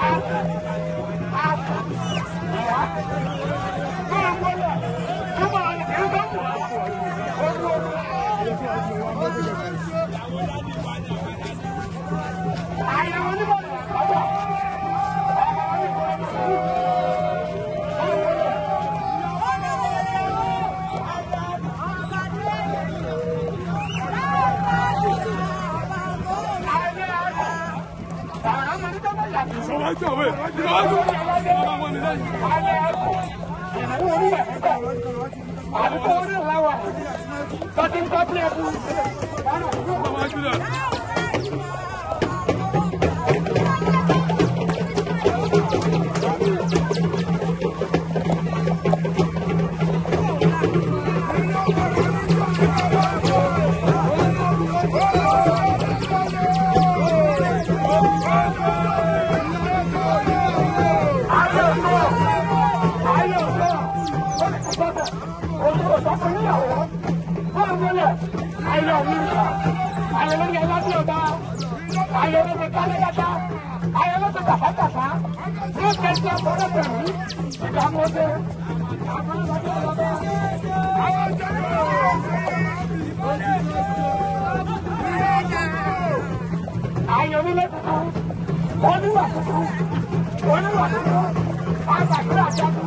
Thank you. Tati kau punya bu. ọkọ níyàwó bọ́ọ̀ mọ́lẹ̀ ayé ọ̀mí ìgbà ayé ló ń yẹ lábí ọ̀dá ayé ló ń yẹ kálẹ́yàtà ayé ló ń yẹ kàfàkàfà ló ń yẹ tí ọkọ rẹ̀ bẹ̀rù ìdààmú ọdẹ ìdààmú ọdẹ ọdẹ àwọn ọjọ́ ayé onílẹ̀ tuntun oníwà tuntun oníwà tuntun àgbàdo àjọkù.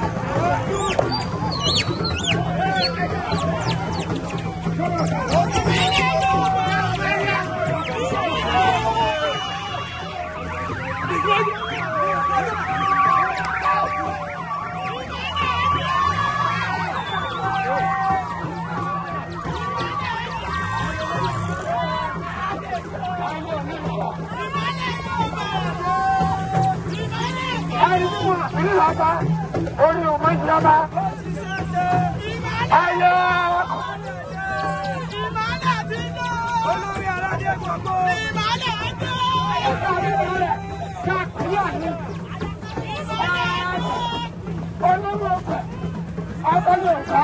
ìjọba orí ọmọ ìjọba. ayọ̀ ìmọ̀lẹ̀ ti ń lọ. olórí aládé gbogbo. ìmọ̀lẹ̀ ń lọ. ẹ̀ka mi bẹ̀rẹ̀ káàkiri àná. ìmọ̀lẹ̀ ń lọ. olórí ọ̀fẹ́ ọ̀fẹ́ Yorùbá.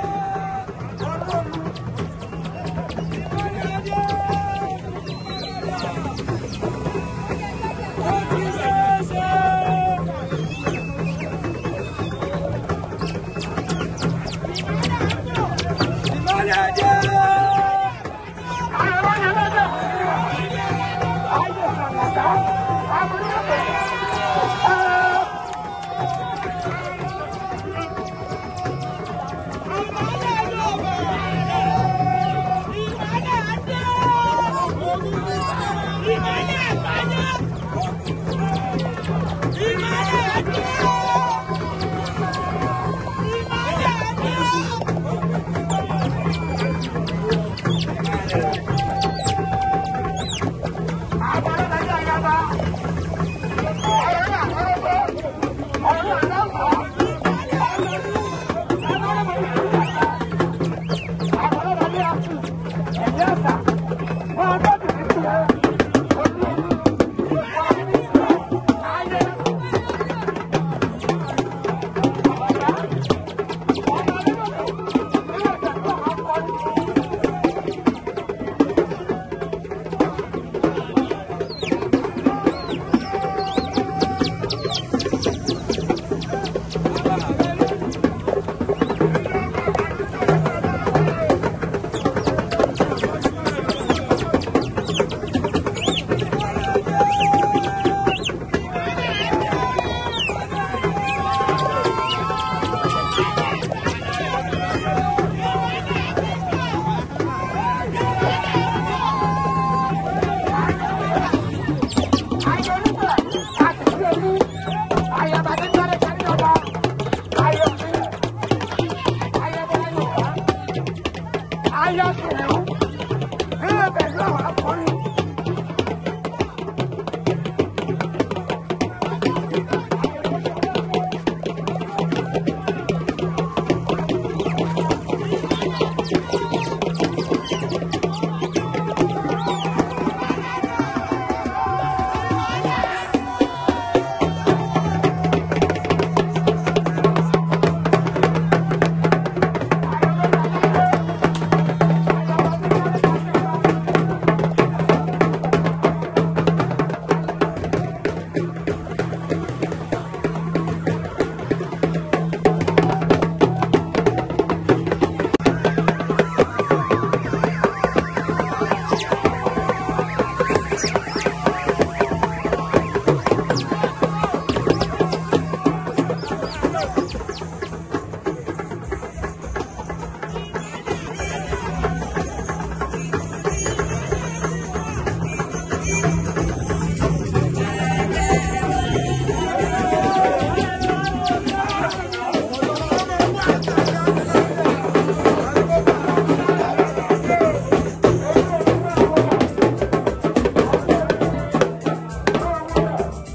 Weihnachten.